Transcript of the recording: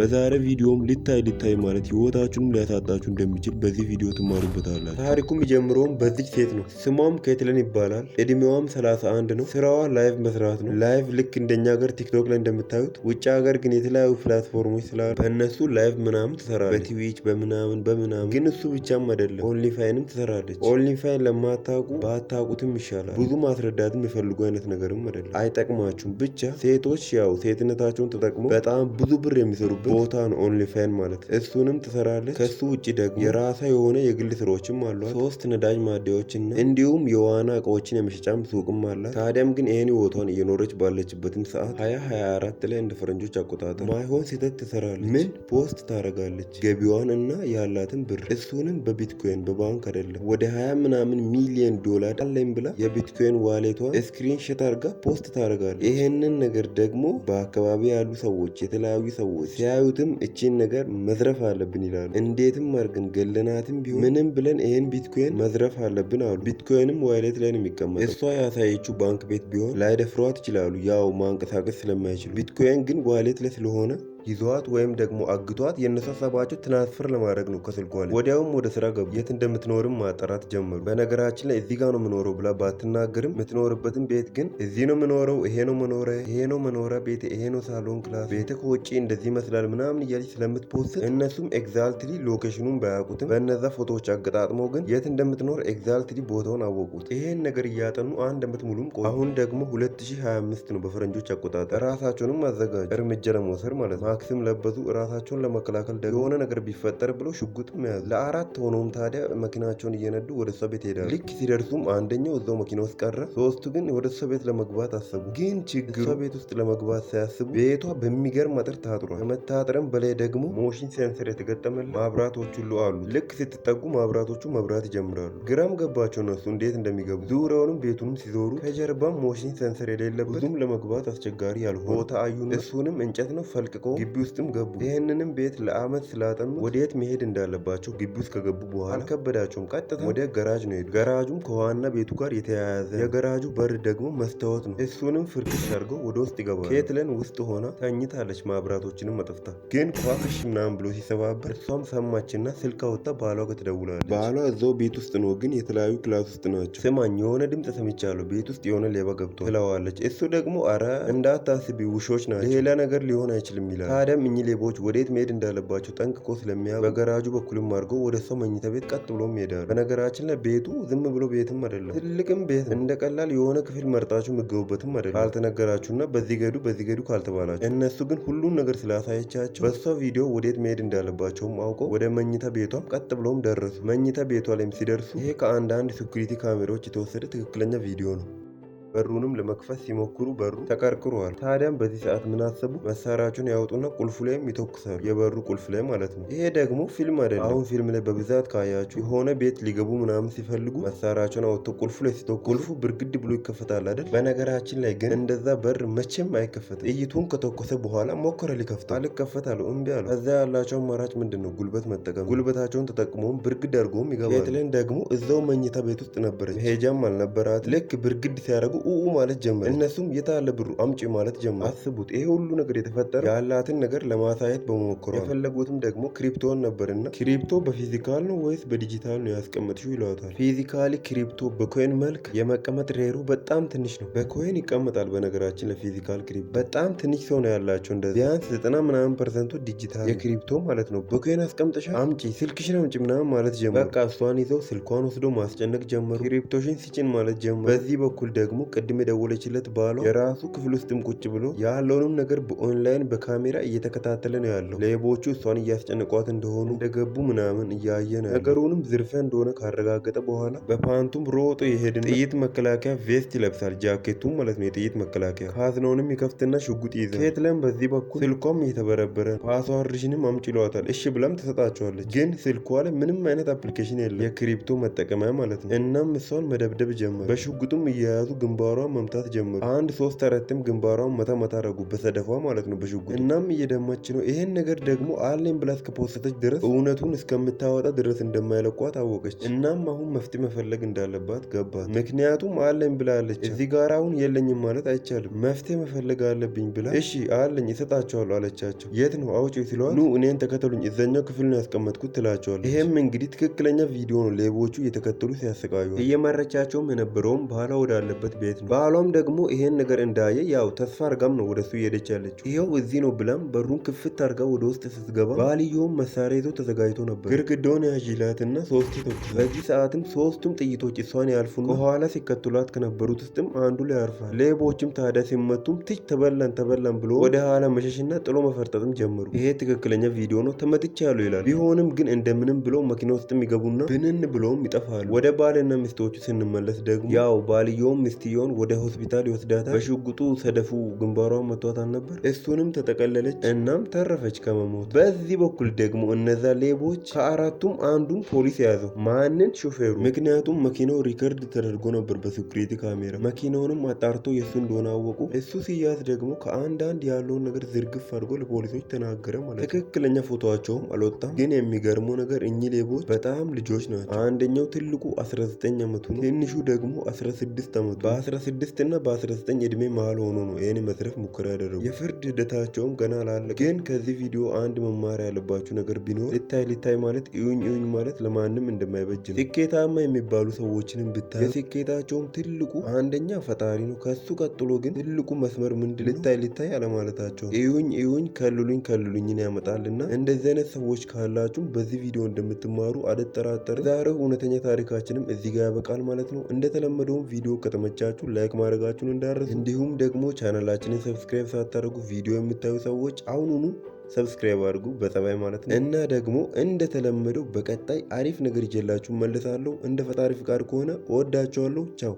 በዛሬ ቪዲዮም ሊታይ ሊታይ ማለት ህይወታችሁንም ሊያሳጣችሁ እንደሚችል በዚህ ቪዲዮ ትማሩበታላችሁ። ታሪኩም የሚጀምረውም በዚች ሴት ነው። ስሟም ኬትለን ይባላል። እድሜዋም 31 ነው። ስራዋ ላይቭ መስራት ነው። ላይቭ ልክ እንደኛ ሀገር ቲክቶክ ላይ እንደምታዩት፣ ውጭ ሀገር ግን የተለያዩ ፕላትፎርሞች ስላሉ በእነሱ ላይቭ ምናምን ትሰራለች። በትዊች በምናምን በምናምን ግን እሱ ብቻም አይደለም፣ ኦንሊፋይንም ትሰራለች። ኦንሊፋይን ለማታቁ ባታቁትም ይሻላል። ብዙ ማስረዳት የሚፈልጉ አይነት ነገርም አይደለም፣ አይጠቅማችሁም። ብቻ ሴቶች ያው ሴትነታቸውን ተጠቅመው በጣም ብዙ ብር የሚሰሩበት ቦታ ነው ኦንሊ ፋን ማለት እሱንም ትሰራለች። ከሱ ውጭ ደግሞ የራሳ የሆነ የግል ስራዎችም አሏት። ሶስት ነዳጅ ማደያዎችና እንዲሁም የዋና እቃዎችን የመሸጫም ሱቅም አላት። ታዲያም ግን ይህን ቦታን እየኖረች ባለችበትም ሰዓት ሀያ ሀያ አራት ላይ እንደ ፈረንጆች አቆጣጠር ማይሆን ስህተት ትሰራለች። ምን ፖስት ታደርጋለች ገቢዋን እና ያላትን ብር እሱንም በቢትኮይን በባንክ አይደለም ወደ ሀያ ምናምን ሚሊዮን ዶላር አለኝ ብላ የቢትኮይን ዋሌቷን ስክሪንሾት አድርጋ ፖስት ታደርጋለች። ይሄንን ነገር ደግሞ በአካባቢ ያሉ ሰዎች የተለያዩ ሰዎች ሲያ ሳያዩትም እቺን ነገር መዝረፍ አለብን ይላሉ። እንዴትም አድርገን ገለናትም ቢሆን ምንም ብለን ይህን ቢትኮይን መዝረፍ አለብን አሉ። ቢትኮይንም ዋይሌት ላይ ነው የሚቀመጠው። እሷ ያሳየችው ባንክ ቤት ቢሆን ላይደፍሯት ይችላሉ፣ ያው ማንቀሳቀስ ስለማይችሉ። ቢትኮይን ግን ዋይሌት ላይ ስለሆነ ይዘዋት ወይም ደግሞ አግቷት የነሳሰባቸው ትራንስፈር ለማድረግ ነው ከስልኳ ላይ። ወዲያውም ወደ ስራ ገቡ። የት እንደምትኖርም ማጣራት ጀመሩ። በነገራችን ላይ እዚህ ጋር ነው የምኖረው ብላ ባትናገርም የምትኖርበትን ቤት ግን እዚህ ነው የምኖረው፣ ይሄ ነው መኖረ ይሄ ነው መኖሪያ ቤት ይሄ ነው ሳሎን ክላስ ቤተ ከውጭ እንደዚህ ይመስላል ምናምን እያለች ስለምትፖስት እነሱም ኤግዛልትሊ ሎኬሽኑን ባያውቁትም በእነዛ ፎቶዎች አገጣጥመው ግን የት እንደምትኖር ኤግዛልትሊ ቦታውን አወቁት። ይሄን ነገር እያጠኑ አንድ ዓመት ሙሉም ቆ አሁን ደግሞ 2025 ነው በፈረንጆች አቆጣጠር። ራሳቸውንም አዘጋጁ እርምጃ ለመውሰድ ማለት ነው። ማክስም ለበሱ። ራሳቸውን ለመከላከል የሆነ ነገር ቢፈጠር ብሎ ሽጉጥም ያዙ። ለአራት ሆኖም ታዲያ መኪናቸውን እየነዱ ወደ እሷ ቤት ሄዳሉ። ልክ ሲደርሱም አንደኛው እዛው መኪና ውስጥ ቀረ። ሶስቱ ግን ወደ እሷ ቤት ለመግባት አሰቡ። ግን ችግሩ እሷ ቤት ውስጥ ለመግባት ሳያስቡ ቤቷ በሚገርም አጥር ታጥሯል። ከመታጠርም በላይ ደግሞ ሞሽን ሴንሰር የተገጠመል ማብራቶች ሁሉ አሉ። ልክ ስትጠጉ ማብራቶቹ መብራት ይጀምራሉ። ግራም ገባቸው እነሱ እንዴት እንደሚገቡ። ዙሪያውንም ቤቱንም ሲዞሩ ከጀርባም ሞሽን ሴንሰር የሌለበት ብዙም ለመግባት አስቸጋሪ ያልሆነ ቦታ አዩን። እሱንም እንጨት ነው ፈልቅቆ ግቢ ውስጥም ገቡ። ይህንንም ቤት ለአመት ስላጠኑ ወዴት መሄድ እንዳለባቸው ግቢ ውስጥ ከገቡ በኋላ አልከበዳቸውም። ቀጥታ ወደ ገራጅ ነው ሄዱ። ገራጁም ከዋና ቤቱ ጋር የተያያዘ የገራጁ በር ደግሞ መስታወት ነው። እሱንም ፍርክሽ አድርገው ወደ ውስጥ ይገባሉ። ኬትለን ውስጥ ሆና ተኝታለች። ማብራቶችንም መጠፍታ ግን ኳክሽ ምናምን ብሎ ሲሰባበር እሷም ሰማችና ስልክ አውጥታ ባሏ ጋር ትደውላለች። ባሏ እዛው ቤት ውስጥ ነው፣ ግን የተለያዩ ክላስ ውስጥ ናቸው። ስማኝ የሆነ ድምፅ ሰምቻለሁ፣ ቤት ውስጥ የሆነ ሌባ ገብቶ ትለዋለች። እሱ ደግሞ አረ እንዳታስቢ ውሾች ናቸው፣ ሌላ ነገር ሊሆን አይችልም ይላል። ታዲያም እኚህ ሌቦች ወዴት መሄድ እንዳለባቸው ጠንቅቆ ስለሚያውቅ በገራጁ በኩልም አድርጎ ወደ ሰው መኝታ ቤት ቀጥ ብሎም ይሄዳሉ። በነገራችን ላይ ቤቱ ዝም ብሎ ቤትም አይደለም፣ ትልቅም ቤት እንደ ቀላል የሆነ ክፍል መርጣችሁ የምትገቡበትም አይደለም። ካልተነገራችሁና በዚህ ገዱ በዚህ ገዱ ካልተባላችሁ። እነሱ ግን ሁሉን ነገር ስላሳየቻቸው በሷ ቪዲዮ ወዴት መሄድ እንዳለባቸውም አውቀው ወደ መኝታ ቤቷም ቀጥ ብሎም ደረሱ። መኝታ ቤቷ ላይም ሲደርሱ ይሄ ከአንዳንድ ሴኩሪቲ ካሜራዎች የተወሰደ ትክክለኛ ቪዲዮ ነው። በሩንም ለመክፈት ሲሞክሩ በሩ ተቀርቅሯል። ታዲያም በዚህ ሰዓት ምን አሰቡ? መሳሪያቸውን ያወጡና ቁልፉ ላይም ይተኩሳሉ። የበሩ ቁልፍ ላይ ማለት ነው። ይሄ ደግሞ ፊልም አይደለም። አሁን ፊልም ላይ በብዛት ካያችሁ የሆነ ቤት ሊገቡ ምናምን ሲፈልጉ መሳሪያቸውን አወጥተው ቁልፉ ላይ ሲተኩሱ ቁልፉ ብርግድ ብሎ ይከፈታል አይደል? በነገራችን ላይ ግን እንደዛ በር መቼም አይከፈትም። ጥይቱን ከተኮሰ በኋላ ሞከረ ሊከፍተው፣ አልከፈታለሁ እምቢ አለ። ከዛ ያላቸው አማራጭ ምንድን ነው? ጉልበት መጠቀም። ጉልበታቸውን ተጠቅመውም ብርግድ አድርጎም ይገባል። ቤትልን ደግሞ እዛው መኝታ ቤት ውስጥ ነበረች፣ ሄጃም አልነበራት። ልክ ብርግድ ሲያደርጉ ኡኡ ማለት ጀመረ። እነሱም የታለ ብሩ አምጪ ማለት ጀመረ። አስቡት ይሄ ሁሉ ነገር የተፈጠረ ያላትን ነገር ለማሳየት በመሞከሯ። የፈለጉትም ደግሞ ክሪፕቶን ነበርና ክሪፕቶ በፊዚካል ነው ወይስ በዲጂታል ነው ያስቀመጥሽው ይለዋታል። ፊዚካሊ ክሪፕቶ በኮይን መልክ የመቀመጥ ሬሩ በጣም ትንሽ ነው። በኮይን ይቀመጣል። በነገራችን ለፊዚካል ክሪፕቶ በጣም ትንሽ ሰው ነው ያላቸው። እንደዚህ ቢያንስ ዘጠና ምናምን ፐርሰንቱ ዲጂታል የክሪፕቶ ማለት ነው። በኮይን አስቀምጠሻ አምጪ ስልክሽን አምጪ ምናምን ማለት ጀመሩ። በቃ እሷን ይዘው ስልኳን ወስዶ ማስጨነቅ ጀመሩ። ክሪፕቶሽን ሲጭን ማለት ጀመሩ። በዚህ በኩል ደግሞ ቅድም የደወለችለት ባሏ የራሱ ክፍል ውስጥም ቁጭ ብሎ ያለውንም ነገር በኦንላይን በካሜራ እየተከታተለ ነው ያለው። ሌቦቹ እሷን እያስጨነቋት እንደሆኑ እንደገቡ ምናምን እያየ ነው። ነገሩንም ዝርፊያ እንደሆነ ካረጋገጠ በኋላ በፓንቱም ሮጦ የሄድን ጥይት መከላከያ ቬስት ይለብሳል። ጃኬቱም ማለት ነው የጥይት መከላከያ ካዝናውንም ይከፍትና ሽጉጥ ይዘ ኬትለም በዚህ በኩል ስልኳም እየተበረበረ ፓስዋርድሽንም አምጭለዋታል። እሺ ብላም ተሰጣቸዋለች። ግን ስልኳ ላይ ምንም አይነት አፕሊኬሽን የለም የክሪፕቶ መጠቀሚያ ማለት ነው። እናም እሷን መደብደብ ጀመር በሽጉጡም እየያዙ ግንባ ግንባሯን መምታት ጀመሩ። አንድ ሶስት አራትም ግንባሯን መታ መታ አረጉ በሰደፏ ማለት ነው በሽጉጥ። እናም እየደመች ነው። ይሄን ነገር ደግሞ አለኝ ብላ እስከፖሰተች ድረስ እውነቱን እስከምታወጣ ድረስ እንደማይለቋት አወቀች። እናም አሁን መፍትሄ መፈለግ እንዳለባት ገባት። ምክንያቱም አለኝ ብላለች። እዚህ ጋር አሁን የለኝም ማለት አይቻልም። መፍትሄ መፈለግ አለብኝ ብላ እሺ አለኝ እሰጣቸዋለሁ አለቻቸው። የት ነው አውጪ ሲለዋል፣ ኑ እኔን ተከተሉኝ እዛኛው ክፍል ነው ያስቀመጥኩት ትላቸዋለች። ይሄም እንግዲህ ትክክለኛ ቪዲዮ ነው። ሌቦቹ እየተከተሉ ሲያሰቃዩ እየመረቻቸውም የነበረውም ባህላ ወዳለበት ቤት ነው። ባሏም ደግሞ ይሄን ነገር እንዳየ ያው ተስፋ አርጋም ነው ወደሱ እየሄደች ያለችው። ይኸው እዚህ ነው ብላም በሩን ክፍት አርጋ ወደ ውስጥ ስትገባ ባልየውም መሳሪያ ይዞ ተዘጋጅቶ ነበር። ያዥላት ያዥላትና ሶስት ሴቶች በዚህ ሰዓትም ሶስቱም ጥይቶች እሷን ያልፉ በኋላ ሲከትሏት ከነበሩት ውስጥም አንዱ ላይ ያርፋል። ሌቦችም ታዲያ ሲመቱም ትች ተበላን ተበላን ብሎ ወደ ኋላ መሸሽና ጥሎ መፈርጠጥም ጀመሩ። ይሄ ትክክለኛ ቪዲዮ ነው ተመትቻ ያሉ ይላል። ቢሆንም ግን እንደምንም ብሎ መኪና ውስጥም ይገቡና ብንን ብሎም ይጠፋሉ። ወደ ባልና ሚስቶቹ ስንመለስ ደግሞ ያው ባልየውም ሚስትዮ ሴትዮን ወደ ሆስፒታል ይወስዳታል። በሽጉጡ ሰደፉ ግንባሯን መቷታል ነበር። እሱንም ተጠቀለለች። እናም ተረፈች ከመሞት። በዚህ በኩል ደግሞ እነዛ ሌቦች ከአራቱም አንዱን ፖሊስ ያዘው። ማንን? ሾፌሩ። ምክንያቱም መኪናው ሪከርድ ተደርጎ ነበር በሴኩሪቲ ካሜራ። መኪናውንም አጣርቶ የእሱ እንደሆነ አወቁ። እሱ ሲያዝ ደግሞ ከአንዳንድ ያለውን ነገር ዝርግፍ አድርጎ ለፖሊሶች ተናገረ ማለት ነው። ትክክለኛ ፎቶቸውም አልወጣም። ግን የሚገርመው ነገር እኚህ ሌቦች በጣም ልጆች ናቸው። አንደኛው ትልቁ 19 ዓመቱ ነው። ትንሹ ደግሞ 16 ዓመቱ በ16 ና በ19 እድሜ መሀል ሆኖ ነው ይህን መዝረፍ ሙከራ ያደረጉ። የፍርድ ሂደታቸውም ገና አላለቀም። ግን ከዚህ ቪዲዮ አንድ መማር ያለባችሁ ነገር ቢኖር ልታይ ልታይ ማለት እዩኝ እዩኝ ማለት ለማንም እንደማይበጅ ነው። ስኬታማ የሚባሉ ሰዎችንም ብታይ የስኬታቸውም ትልቁ አንደኛ ፈጣሪ ነው። ከሱ ቀጥሎ ግን ትልቁ መስመር ምንድ ልታይ ልታይ አለማለታቸው። እዩኝ እዩኝ ከልሉኝ ከልሉኝን ያመጣልና እንደዚህ አይነት ሰዎች ካላችሁም በዚህ ቪዲዮ እንደምትማሩ አልጠራጠርም። ዛሬው እውነተኛ ታሪካችንም እዚህ ጋር ያበቃል ማለት ነው። እንደተለመደውም ቪዲዮ ከተመቻችሁ ካላችሁ ላይክ ማድረጋችሁን እንዳረሱ፣ እንዲሁም ደግሞ ቻናላችንን ሰብስክራይብ ሳታደርጉ ቪዲዮ የምታዩ ሰዎች አሁኑኑ ሰብስክራይብ አድርጉ፣ በጸባይ ማለት ነው። እና ደግሞ እንደተለመደው በቀጣይ አሪፍ ነገር ይዤላችሁ መልሳለሁ። እንደ ፈጣሪ ፍቃድ ከሆነ እወዳችኋለሁ። ቻው